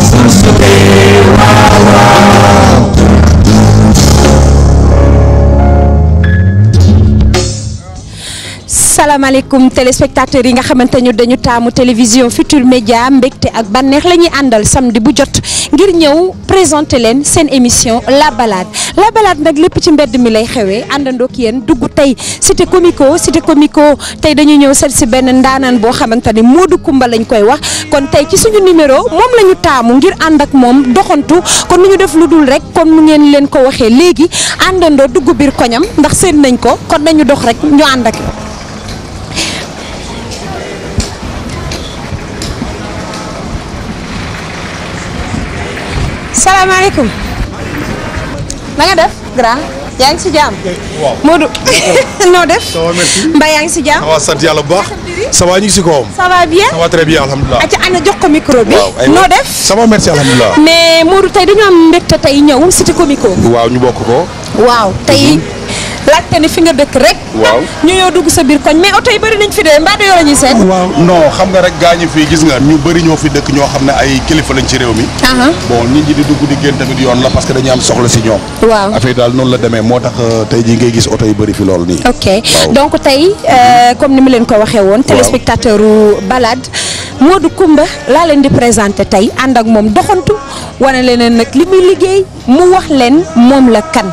source of day, asalaamaaleykum téléspectateurs yi nga xamante ñu dañu taamu télévision Futur Média mbégte ak bànneex la ñuy àndal samedi bu jot ngir ñëw présenter leen seen émission La Balade La Balade nag lépp ci mbedd mi lay xewee àndandoo ak yéen dugg tey cité comico cité comico tey dañu ñëw seet si benn ndaanaan boo xamante ni Modou Coumba lañ koy wax kon tey ci suñu numéro moom la ñu taamu ngir ànd ak moom doxantu kon nu ñu def lu dul rek kon mu ngeen leen ko waxee léegi àndandoo dugg biir koñam ndax seen nañ ko kon nañu dox rek ñu ànd ak salaamaaleykum. na nga def grand. yaa ngi si jàmm. waaw Modou noo def. ça va merci. yaa ngi si jàmm. waaw sant yàlla bu baax. ça ñu ngi si kawam. ça va bien ça va bien alhamdulilah. acca ana jox ko micro bi. waaw noo def. ça va merci alhamdulilah. mais Modou tey dañu am mbégte tey ñëw Cité Comico. waaw ñu bokk ko. waaw tey. Mhm. laajte ni fi nga dëkk rek. waaw ñu ñëw dugg sa biir koñ mais oto yi bëri nañ fi dee mbaa de yoo la seet. waaw non xam nga rek gaa ñu fii gis nga ñu bëri ñoo fi dëkk ñoo xam ne ay kilifa lañ ci réew mi. bon nit ñi di dugg di génn tamit yoon la parce que dañu am soxla si ñoom. waaw affaire daal noonu la demee moo tax euh, tey jii ngay gis oto yi bëri fi lool nii. ok donc tey euh, comme ni ma leen ko waxee woon. téléspectateur u balade Modou Coumba laa leen di présenté tey ànd ak moom doxantu wane leen nag li muy liggéey mu wax la kan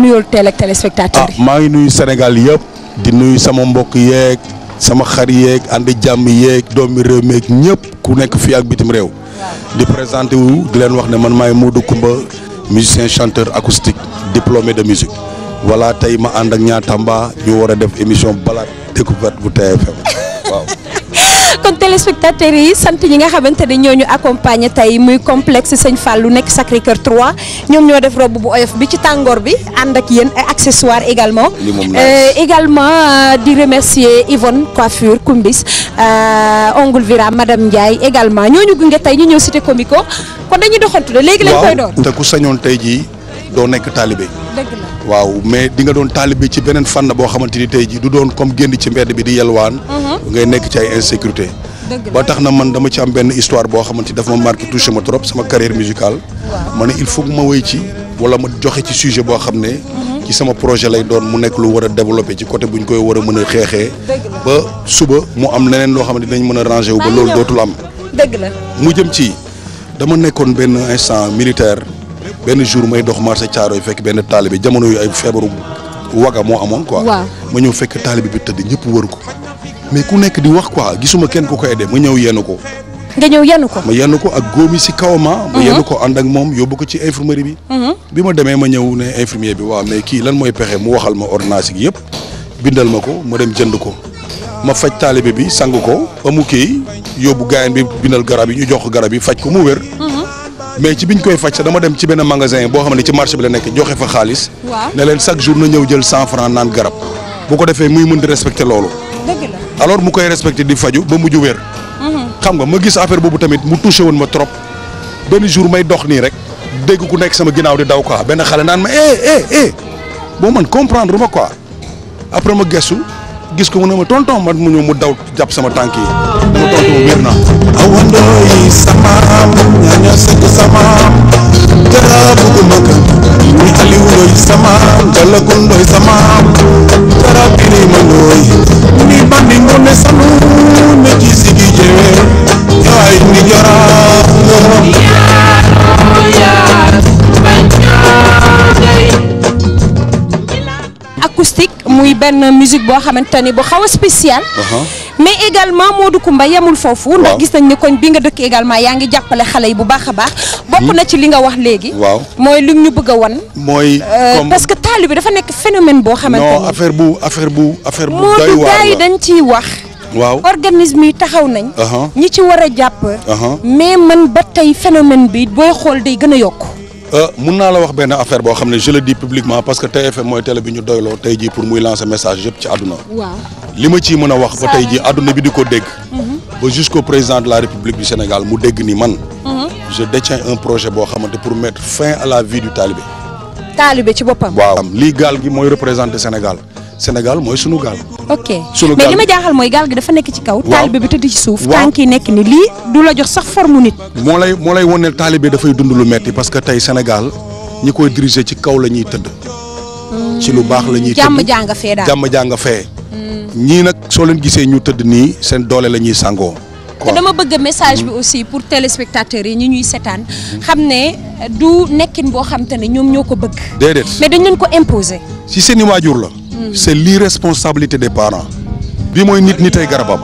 nuyool teel ak téléspectateur ah, maa ngi nuyu Sénégal yëpp di nuyu sama mbokk yeeg sama xar yeeg ànd jàmm yeeg doomi réew meeg ñëpp ku nekk fii ak bitim réew. di présenté wu di leen wax ne man maay Modou Coumba musicien chanteur acoustique diplômé de musique voilà tey ma ànd ak Niang Tamba ñu war a def émission balade découverte bu TFM. kon téléspectateurs yi sant ñi nga xamante ni ñoo ñu accompagné tey muy complexe sëñ Fallou nekk Sacré Cœur 3 ñoom ñoo def robe bu oyof bi ci tàngoor bi ànd ak yéen ay accessoires également. Euh, également euh, di remercier Yvonne coiffure Coumbis euh, ongle Vira madame Ndiaye également ñoo ñu gunge tey ñu ñëw cité Comico kon dañuy doxantu de léegi lañ koy doon. te ku sañoon jii. doo nekk taalibe dëgg waaw mais di nga doon taalibe ci beneen fànn boo xamante ni tey ji du doon comme génn ci mbedd bi di yelwaan mhm. ngay nekk ci ay insécurité ba tax na man dama ci am benn histoire boo xamante ni dafa ma marqué touché ma trop sama carrière musicale ma ne il faut que ma wéy ci wala ma joxe ci sujet boo xam ne mhm. ci sama projet lay doon mu nekk lu war a développé ci côté bu ñu koy war a mën a xeexee ba suba mu am leneen loo xam ne mën a rangé wu ba loolu dootul am jëm ci dama nekkoon benn instant militaire benn jour may dox marché caaro yi fekk benn taalibe jamono yu ay feebaru waga moo amoon quoi. ma ñëw fekk taalibe bi tëdd ñëpp wër ko mais ku nekk di wax quoi gisuma kenn ku koy aidé ma ñëw yenn ko. nga ko. ma yenn ko ak góomi si kawama. ma mhm. yenn ko ànd ak moom yóbbu ko ci infirmerie bi. Mhm. bi ma demee ma ñëw ne infirmier bi waaw mais kii lan mooy pexe mu waxal ma ordonnance yëpp bindal ma ko ma dem jënd ko. ma faj taalibe bi sang ko ba mu kii yóbbu gaayen bi bindal garab yi ñu jox ko garab yi faj ko mu wér. Mhm. mais ci biñ koy faj sax dama dem ci benn magasin boo xam ne ci marché bi la nekk joxe fa xaalis. ne leen chaque jour na ñëw jël cent franc naan garab bu ko defee muy mën di respecter loolu. dëgg alors mu koy respecter di faju ba mujj wér. Mhm. xam nga ma gis affaire boobu tamit mu touché woon ma trop benn jour may dox nii rek dégg ku nekk sama ginnaaw di daw quoi benn xale naan ma eh eh, eh. man comprendre ma quoi après ma gëstu. gis ko mu ne ma tonton man mu ñëw mu daw jàpp sama tànk yi mu tontu mu wér naa. awandoo yi sama am ñaña sëgg sama am dara bëggu ma ko ñu Aliou Ndoye sama am Jalaku Ndoye sama bandi ngo ne sanu ne ci sigi jewe yaay ni jara acoustique muy benn musique boo xamante ni bu xaw a spécial uh-huh. mais également moo du Coumba yemul foofu ndax gis nañ ni koñ bi nga dëkk également yaa ngi jàppale xale yi bu baax a baax bokk hmm. na ci li nga wax léegi waaw mooy lim ñu bëgg a wan mooy euh, parce que taalibe dafa nekk phénomène boo xamante ni affaire bu affaire bu affaire bu doy waar Modou gars yi dañ ciy wax waaw organisme yi taxaw nañ uh-huh. ñi ci war a jàpp uh-huh. mais man ba tey phénomène bi booy xool day gën a yokk Euh, mun naa la wax benn affaire boo xam ne je le dis publiquement parce que TFM mooy télé bi ñu doyloo tey jii pour muy lancer message yëpp ci àdduna. li ma ciy mën a wax ba tey jii àdduna bi di ko dégg. Mhm. ba jusqu'au président de la République du Sénégal mu dégg ni man. Mhm. je détiens un projet boo xamante pour mettre fin à la vie du talibé. talibé ci boppam. waaw lii gaal gi mooy représenter Sénégal. Sénégal mooy sunu gaal. ok mais li ma jaaxal mooy gaal gi dafa nekk ci kaw. taalibe bi tëdd ci suuf. waaw nekk ni lii du la jox sax forme nit. moo lay moo lay wan ne taalibe dafay dund lu metti parce que tey Sénégal ñi koy diriger ci kaw la ñuy tëdd. Hmm. ci lu baax la ñuy tëdd jàmm jàng fee daal jàmm jàng fee. Hmm. ñii nag soo leen gisee ñu tëdd nii seen doole la ñuy sangoo. te dama bëgg message bi aussi pour téléspectateurs yi ñu ñuy seetaan xam ne du nekkin boo xam te ne ñoom ñoo ko bëgg. déedéet dañ leen ko imposer. si i waajur la. c'est l'irresponsabilité des parents. bi mooy nit ñi garabam.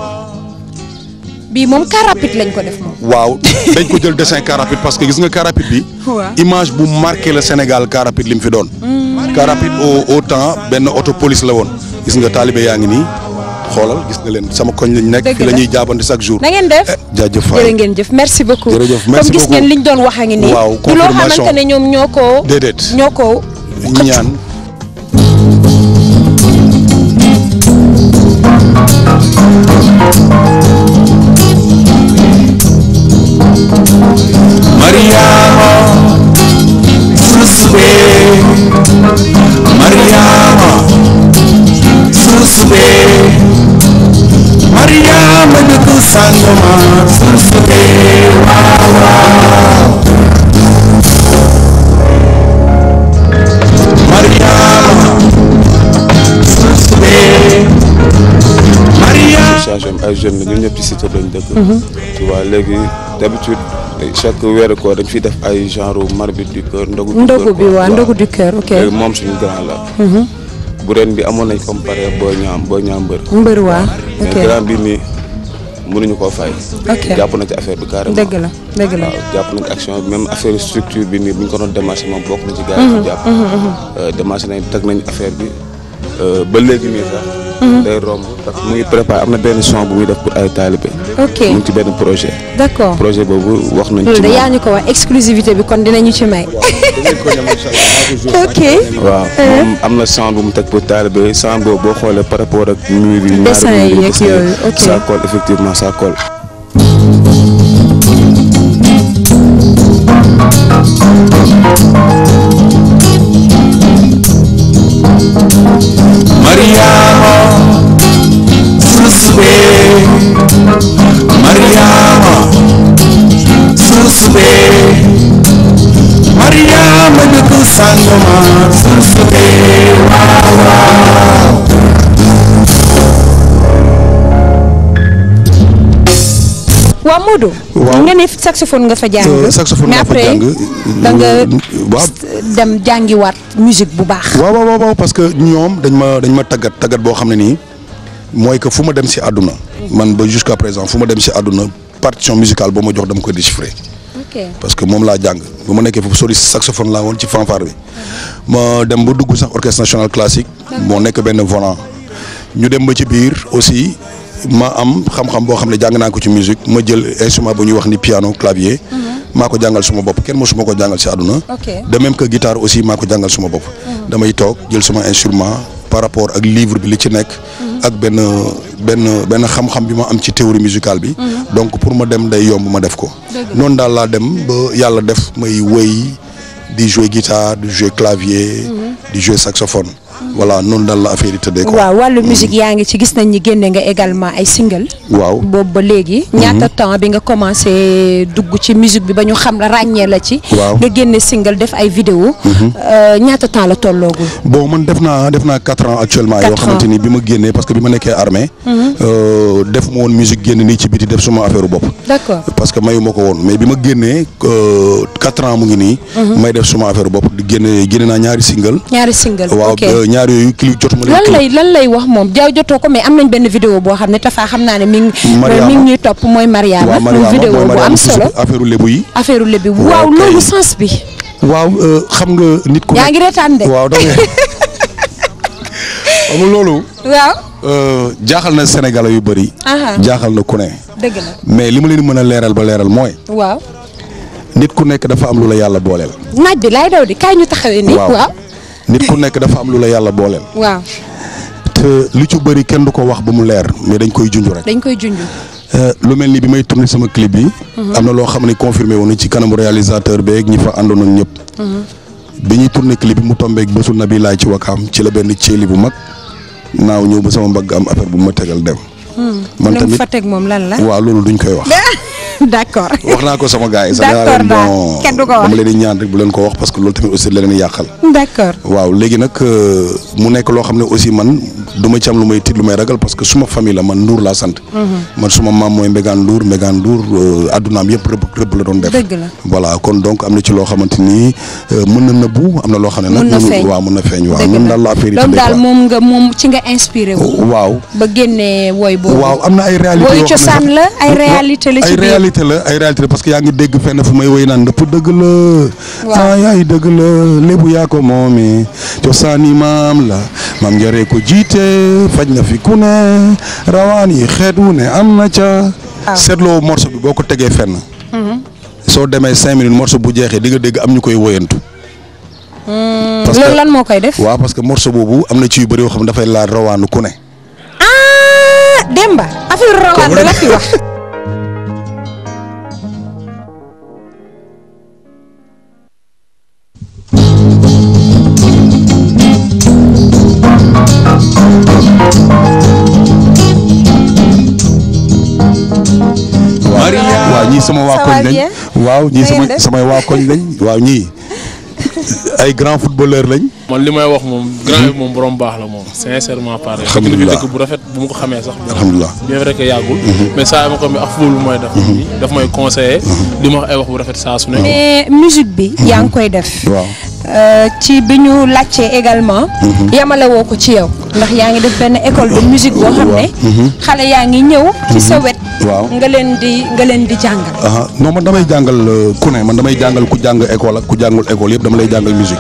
bii moom car rapide lañ ko def moom. waaw dañ ko jël dessin car parce que gis nga car bi. image bu marqué la Sénégal car rapide li mu fi doon. Mm. car rapide au au benn auto police la woon. gis nga taalibe yaa ngi nii xoolal gis nga leen sama koñ lañ nekk. fi la ñuy jaabante chaque jour. na ngeen def eh, jaajëf Faye jërë ngeen jëf merci beaucoup. jërëjëf gis ngeen liñ doon wax ngi nii. waaw confirmation du loo xamante ñoom ñoo ko. déedéet ñoo ko ñaan. Mariama Furusube Mariama Furusube Mariama dëkk Sangoma Furusube waaw waaw Mariama Furusube Mariama. changement ay jeunes la ñun ñëpp ci cité lañ dëkk. Mhm. tu vois léegi. d'habitude chaque weeru koor dañ fiy def ay genre marmite du cœur. ndogu du cœur ndogu bi waaw ndogu du cœur ok. moom suñu grand la. Mm-hmm. bu ren bi amoon nañ comme pare boo ñaam boo ñaam mbër. mbër waa ok mais grand bi nii mënuñu koo fay. ok jàpp na ci affaire bi carrément. dëgg la dëgg la waaw jàpp na action même affaire structure bi nii bu ñu ko doon démarché moom bokk na ci. gars yi ñu mm-hmm, jàpp. Mm-hmm, euh, démarché nañ teg nañ affaire bi euh, ba léegi nii sax. Mhm. day romb ndax mu am na benn son bu muy def pour ay taalibe. ok mu ci benn projet. d' projet boobu wax nañ ci. loolu yaa ñu ko wax exclusivité bi kon dinañu ci may. ok. waaw euh. moom am na son bu mu teg pour taalibe son boobu boo xoolee par rapport ak. mur yi ñaari mur yi dessin yi ak yooyu ok ça colle effectivement ça colle. waaw Modou. waaw nga ne saxophone nga fa jàng. Euh, saxophone nga fa jàng mais après da nga euh, dem jàngiwaat musique bu baax. waaw waaw parce que ñoom dañ ma dañ ma tàggat tàggat boo xam ne nii mooy que fu ma dem si àdduna. man ba jusqu'à présent fu ma dem si àdduna partition musicale boo ma jox dama koy déchiffrer. parce que moom laa jàng bu ma nekkee foofu soliste saxophone laa woon ci fanfare bi. ma dem ba dugg sax orchestre national classique. moo nekk benn volant. ñu dem ba ci biir aussi ma am xam-xam boo xam ne jàng naa ko ci musique ma jël instrument bu ñuy wax ni piano clavier. Mm-hmm. maa ko jàngal suma bopp kenn suma ko jàngal si àdduna. de que guitare aussi maa ko suma bopp. Mm-hmm. damay toog jël suma instrument par rapport ak livre bi li ci nekk. Mm-hmm. ak benn benn benn xam-xam bi ma am ci théorie musicale bi. donc pour ma dem day yomb ma def ko. noonu daal laa dem ba yàlla def may wëy di jouer guitare di jouer clavier. di jouer saxophone. voilà noonu daal la affaire yi tëddee ko waaw wàllu mm. musique yaa ngi ci gis nañ ni génne nga également ay single waaw boobu ba léegi mm-hmm. ñaata temps bi nga commencé dugg ci musique bi ba ñu xam la ràññee la ci waaw nga génne single def ay vidéo mm-hmm. euh, ñaata temps la tolloogul boo man def naa def naa quatre ans actuellement yoo xamante ni bi ma génnee parce que bi ma nekkee armée mm-hmm. euh, def ma woon génn nii ci biti def suma affaire bopp d'accord parce que mayu ma ko woon mais bi ma génnee euh, quatre ans mu ngi nii may def suma affaire bopp génne génne naa ñaari single ñaari single waaw ñaar yooyu clip jotuma leen lan lay lan lay wax moom jaaw ko mais am nañ benn vidéo boo xam ne Tafa xam naa ne mi ngi mi ngi ñuy topp mooy Mariama muy vidéo bu am solo affaire affaire lébu waaw loolu bi waaw euh, xam nga nit ku yaa ngi waaw dama loolu waaw euh, jaaxal na Sénégalais yu bëri jaaxal na ku mais li ma leen mën a leeral ba leeral mooy nit ku nekk dafa am lu la yàlla booleel naaj bi laay daw di kaay ñu taxawee nii waaw nit ku nekk dafa am lu la yàlla booleel. waaw. te li ci bëri kenn du ko wax ba mu leer mais dañ koy junj rek. dañ koy junj. Euh, lu mel ni bi may tourné sama clip bi. Mhm. am na loo xam ne confirmé woon ci kanamu réalisateur beeg ñi fa àndoon ak ñëpp. Mhm. bi ñuy turne clip bi mu tombeeg na nabi laay ci wakaam ci la benn ceeli bu mag naaw ñëw ba sama mbagg am affaire bu ma tegal dem. Hmm. man tamit teg moom lan la. waaw loolu duñ koy wax. d' accord wax naa ko sama gars yi. d' accord bon ñaan rek bu leen ko wax parce que loolu tamit aussi la leen yàqal. d' accord waaw léegi nag euh, mu nekk loo xam ne aussi man duma ma ci am lu may tiit lu may ragal parce que suma famille la man Ndour laa sant. Mhm. man suma maam mooy Mbégane Ndour Mbégane Ndour euh, addunaam yëpp rëbb rëbb la doon def. dëgg la kon donc am na ci loo xamante ni euh, mën na nëbbu am na loo xam ne nag. mën na feeñ waaw mën na feeñ waaw noonu daal la affaire yi. loolu daal moom nga moom ci nga inspiré waaw ba génnee woy boobu. waaw am na ay réalité yoo xam réalité la ay réalité la parce que yaa ngi dégg fenn fu may woy naan ndëpp dëgg la. waaw yaay dëgg la lébu yaa ko moomee cosaani maam la maam njëree ko jiite faj na fi ku ne rawaan yi xeet wu ne am na ca. seetloo morceau bi boo ko tegee fenn. Mhm. soo demee cinq minutes morceau bu jeexee di nga dégg am ñu koy woyantu. Hmm. parce que loolu lan moo koy def. waaw parce que morceau boobu am na ci yu bëri yoo xam ne dafay laal rawaanu ku ne. Ah, Demba affaire rawaan la fi wax. koñ waaw ñii samay samay waa koñ lañ waaw ñii ay grand footballeur lañ. man li may wax moom grand bi moom borom baax la moom sincèrement parlé. alhamdulilah dëkk bu rafet bu ma ko xamee sax. alhamdulilah bien vrai que yàggul. Mhm. mais saa ma ko mi ak fóolu mooy def. Mhm. daf may conseiller. Mhm. di ma wax ay wax bu rafet saa su ne. mais musique bi. yaa ngi koy def. waaw. Euh, ci bi ñu laajtee également. Mhm. yamale woo ko ci yow. ndax yaa ngi def benn école de musique boo xam ne. Mhm. xale yaa ngi ñëw. ci sa mhm. wet. waaw nga leen di nga jàngal. non man damay jàngal euh, ku ne man damay jàngal ku jàng école ak ku jàngul école yëpp dama lay jàngal musique.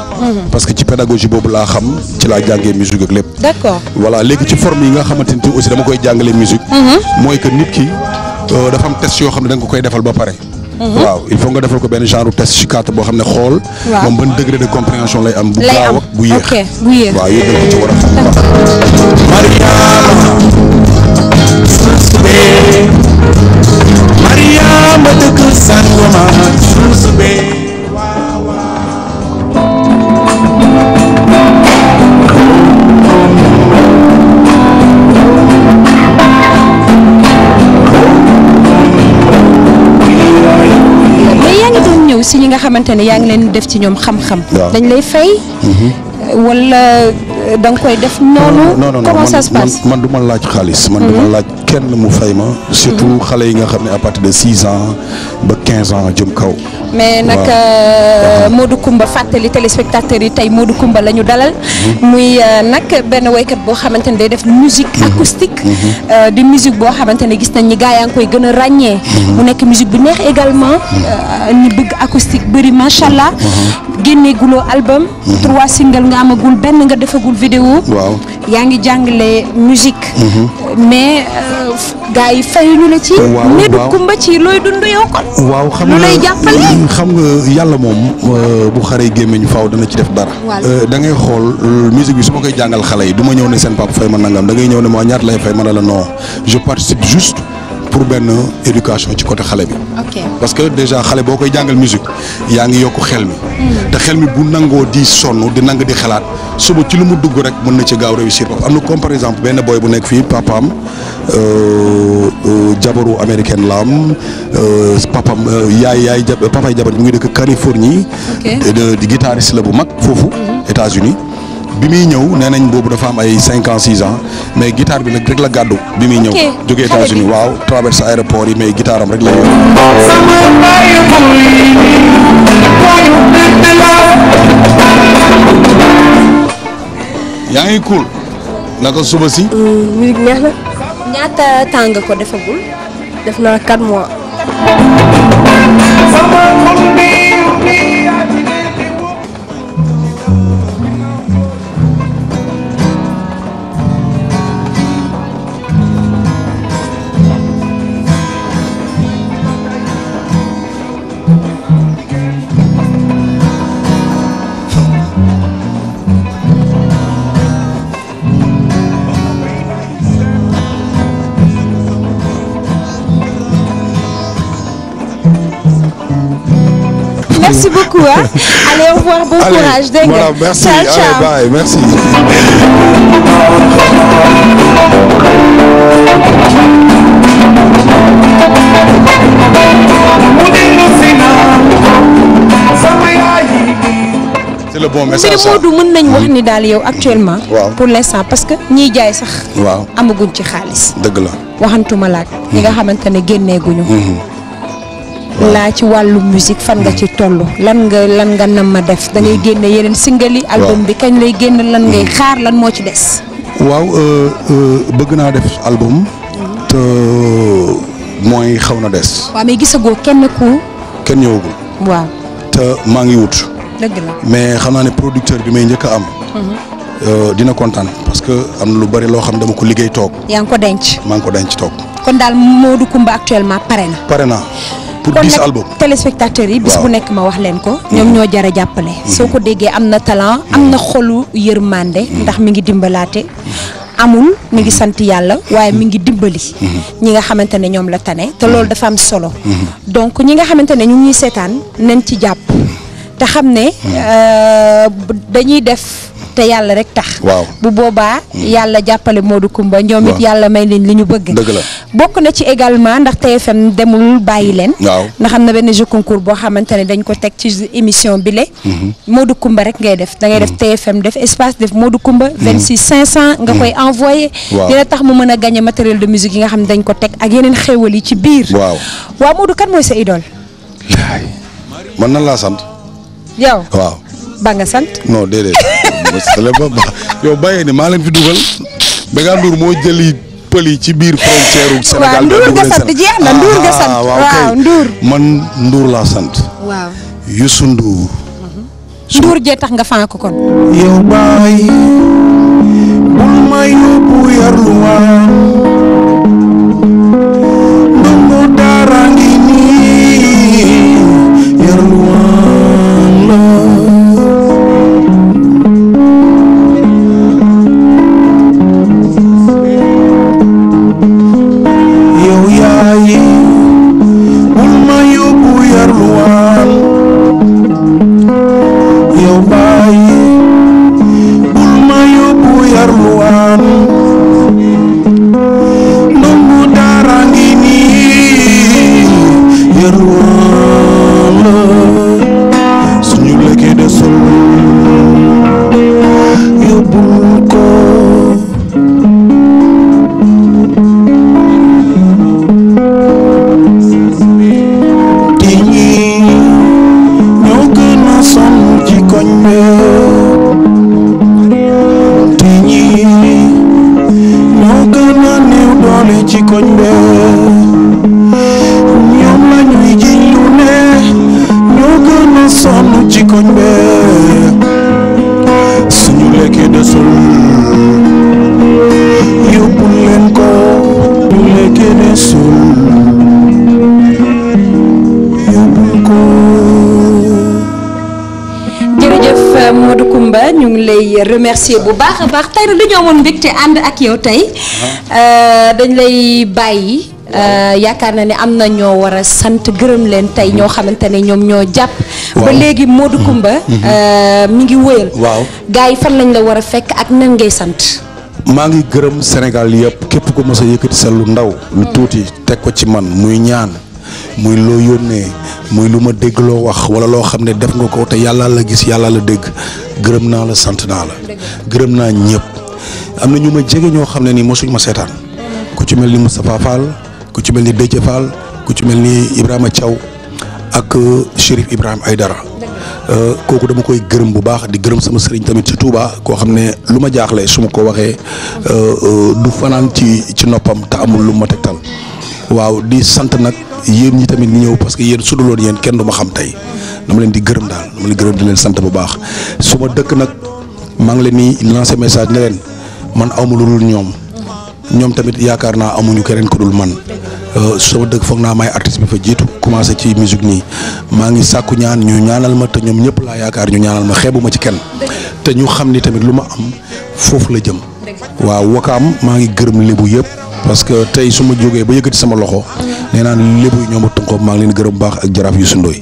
parce que ci pédagogie boobu laa xam ci laa jàngee musique ak lépp. d'accord voilà léegi ci forme yi nga xamante ni aussi dama koy jàngalee musique. mooy que nit ki euh, dafa am test yoo xam ne da nga koy defal ba pare. Mhm. waaw il faut nga defal ko benn genre test ci carte boo xam ne xool. moom ban degré de compréhension lay am. bu gaaw ak bu yéex ok bu yéex. waaw yéen dañ ko ci war ñi nga xamante ne yaa ngi leen def ci ñoom xam-xam. dañ lay fay. Mhm. wala euh, da nga koy def. noonu non non comment ça se passe man du ma laaj xaalis. man du ma mhm. laaj kenn mu fay ma. surtout mm-hmm. xale yi nga xam ne à partir de six ans ba quinze ans jëm kaw. mais nag euh, uh-huh. Modou Coumba fàttali téléspectateurs yi tey Modou Coumba la ñu dalal. Mm-hmm. muy euh, nag benn woykat boo xamante ne day def musique mm-hmm. acoustique. Euh, di musique boo xamante ne gis nañ ni gaa yaa ngi koy gën a ràññee. mu nekk musique bu neex également. ñi bëgg acoustique bëri macha allah. génne guloo album. trois single nga amagul benn nga defagul vidéo. yaa ngi jàngale musique. mais. suuf gars yi fayuñu la ci. waaw waaw ne kumba ci looy dund yow kon. waaw xam nga lu lay jàppale. xam nga yàlla moom euh, bu xaree gémmiñ faaw dana ci def dara. Euh, da ngay xool euh, musique bi su ma koy jàngal xale yi du ñëw ne seen papa fay ma nangam da ngay ñëw ne moo ñaata lay fay ma ne la non je participe juste. pour benn éducation ci côté xale bi. parce que déjà xale boo koy jàngal musique yaa ngi yokk xel mi. Hmm. te xel mi bu nangoo di sonn di nang di xalaat suba ci lu mu dugg rek mën na ci gaaw réussir am na comme par exemple benn boy bu nekk fii papaam euh, euh, jabaru américaine la am euh, papaam yaay yaay ja papaay jabar mu ngi dëkk Californie. di guitariste la bu mag foofu hmm. États-Unis bi muy ñëw nee nañ boobu dafa am ay cinq ans six ans mais gitaar bi nag rek la gàddu bi muy ñëw jógee États-Unis waaw traversé aéroport yi mais guitare am rek la yor yaa ngi cool naka suba si hmm, musique ñaata temps nga ko defagul def naa quatre mois merci beaucoup hein. mën nañ wax hmm. ni daal yow actuellement. waaw pour l'instant parce que ñiy jaay sax. waaw amaguñ ci xaalis. dëgg la waxantuma laak ñi nga hmm. xamante ne génneeguñu. Hmm. laa ci wàllu musique fan nga ci toll lan nga lan nga nam ma def da ngay génne yeneen singali album bi kañ lay génn lan ngay mm. xaar lan moo ci des waaw euh, euh, bëgg naa def album mm-hmm. te mooy xaw na des waaw mais gisagoo kenn ku kenn ñëwagul te maa ngi wut dëgg mais xam naa ne producteur bi may njëkk a am mm-hmm. euh, dina kontaan parce que am na lu bari loo xam dama ko liggéey toog yaa ngi ko denc maa ngi ko denc toog kon daal Modou Coumba actuellement na pare na pour dix album yi. bis bu nekk ma wax leen ko. Mhm. ñoom ñoo jar a jàppale. Mhm. soo ko déggee am na talan am na mhm. xolu yërmande. ndax mi ngi dimbalaate. amul mu ngi sant yàlla waaye mi ngi dimbali. ñi nga xamante ne ñoom la tane te loolu dafa am solo. donc ñi nga xamante ne ñu ngi seetaan nañ ci jàpp. te xam ne euh, dañuy def. te yàlla rek tax waaw bu boobaa hmm. yàlla jàppale moodu Coumba ñoom it yàlla may leen li ñu bëgg dëgg la bokk na ci également ndax TFM demul bàyyi leen hmm. waaw ndax am na benn jeu concours boo xamante ne dañ ko teg ci émission bi le hmm. Modou Coumba rek ngay def da ngay def TFM def espace def Modou Coumba vingt six cinq cent nga koy envoyé dina tax mu mën a gagné matériel de musique yi nga xam ne dañ ko teg ak yeneen xéewal yi ci biir waaw waaw Modou kan mooy sa idole man na laa sant yow ba nga sant le moment yow bàyyee ni maa leen fi dugal Béga Ndour moo jëli pël yi ci biir frontière Sénégal. waaw Ndour nga sant jeex na Ndour nga ah, sant waaw Ndour man Ndour laa sant. waaw Youssou Ndour. Mhm. jee tax nga fànn ko kon. yow bàyyi bul ma yóbbu yaruwaan. ngi lay remercier bu baax a baax tey nag dañoo amoon mbégte ànd ak yow tey uh-huh. uh, dañ lay bàyyi uh, yaakaar na ni am na ñoo war a sant gërëm leen tey ñoo mm-hmm. xamante ne ñoom ñoo jàpp. ba léegi moo Modou mm-hmm. Coumba. mu mm-hmm. uh, ngi wëyal. waaw gars yi fan lañ la war a fekk ak nan ngay sant. maa ngi gërëm Sénégal yëpp képp ku mos a yëkkati sa lu ndaw. lu mm. tuuti teg ko ci man muy ñaan. muy loo yónnee muy lu ma dégg loo wax wala loo xam ne def nga ko te yàlla la gis yàlla la dégg gërëm naa la sant naa la gërëm naa ñëpp am na ñu ma jege ñoo xam ne nii mosuñ ma seetaan ku ci mel ni Moustapha Fall ku ci mel ni Déthié Fall ku ci mel ni Ibrahima Thiaw ak euh, Chérif Ibrahima Aïdara euh, kooku dama koy gërëm bu baax di gërëm sama sëriñ tamit ci Touba koo xam ne lu ma jaaxle su ma ko waxee euh, du fanaan ci ci noppam te amul lu ma tegtal waaw di sant nag. yéen ñi tamit ñu ñëw parce que yéen su dul woon yéen kenn du xam tey dama leen di gërëm daal dama leen gërëm di leen sant bu baax su ma dëkk nag maa ngi leen nii lancer message ne man awma lu dul ñoom ñoom tamit yaakaar naa amuñu keneen ku dul man euh, sama dëkk foog naa may artiste bi fa jiitu commencé ci musique nii maa ngi sàkku ñaan ñu ñaanal ma te ñoom ñëpp laa yaakaar ñu ñaanal ma xeebu ma ci kenn te ñu xam ni tamit lu ma am foofu la jëm waaw wakaam maa ngi gërëm lébu yëpp parce que tey su ma jógee ba yëkkati sama loxo nee naan lébu ñoom a maa ngi leen gërëm baax ak jaraaf yu sundooy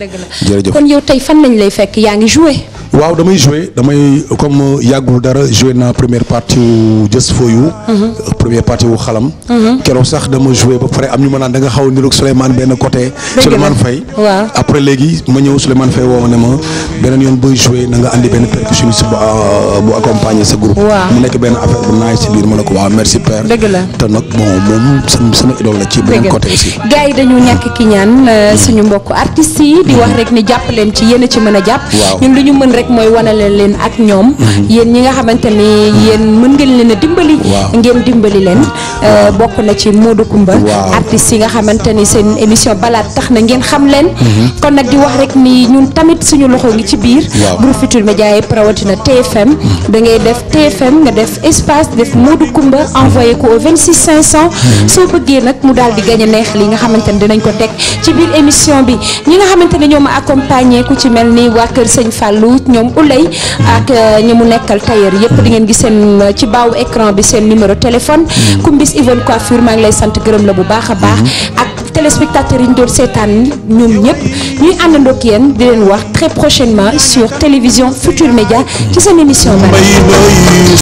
jërëjëf kon yow tey fan lañ lay fekk yaa ngi joué waaw damay joué damay comme euh, yàggul dara joué naa première partie wu Just For You. Mhm. première partie wu xalam. Mhm. keroog sax dama joué ba pare am ñu ma naan da nga xaw a niroog Souleymane benn côté. Souleymane Faye waaw après léegi ma ñëw Souleymane Faye woo ma ne ma beneen yoon booy joué na nga andi benn percussionniste bu euh, bu accompagner sa groupe. mu nekk benn affaire bu si biir ma ne ko waaw merci père. dëgg la te nag bon moom sama sama la ci beneen côté aussi. gars yi dañu ñàkk ki euh, mm. mm. leen ci yéen a ci a lu ñu mën rek rek mooy wanale leen ak ñoom mhm. yéen ñi nga xamante ni yéen mën ngeen leen a dimbali ngeen dimbali leen euh, bokk na ci Modou Coumba artistes yi nga xamante ni seen émission balaat tax na ngeen xam leen mhm. kon nag di wax rek ni ñun tamit suñu loxo ngi ci biir Groupe Futurs Médias yëpp rawatina TFM mhm. da ngay def TFM nga def espace def Modou Coumba envoyé ko au 26 500 soo bëggee nag mu daal di gañ neex li nga xamante ni dinañ ko teg ci biir émission bi ñi nga xamante ne ñoo ma ku ci mel ni waa Sëñ Fallou it ñoom ulay ak euh, ñi mu nekkal tailleur yëpp di ngeen gis seen euh, ci baawu écran bi seen numéro téléphone mm-hmm. Kumbis Yvonne Coiffure maa ngi lay sant gërëm la bu baax a baax mm-hmm. ak téléspectateurs yi ñu doon seetaan ñoom ñëpp ñuy àndandoo ak yéen di leen wax très prochainement sur télévision Futur Média ci seen émission ba